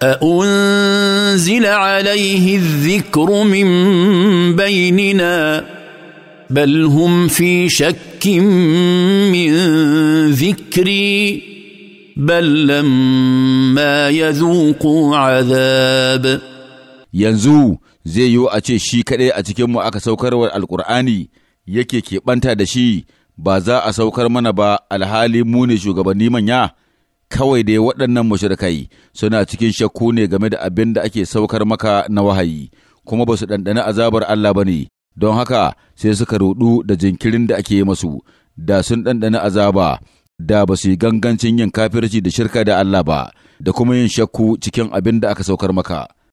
A unzila الذكر من بيننا بل هم في شك من ذكري بل لما يذوقوا zai yiwu a ce shi kaɗai a cikinmu aka saukarwar Alƙur'ani yake keɓanta da shi ba za a saukar mana ba alhali mu ne shugabanni manya kawai dai waɗannan mushrikai suna cikin shakku ne game da abin da ake saukar maka na wahayi kuma ba su ɗanɗana azabar Allah ba ne don haka sai suka rudu da jinkirin da ake masu da sun ɗanɗana azaba da ba su yi gangancin yin kafirci da shirka da Allah ba da kuma yin shakku cikin abin da aka saukar maka.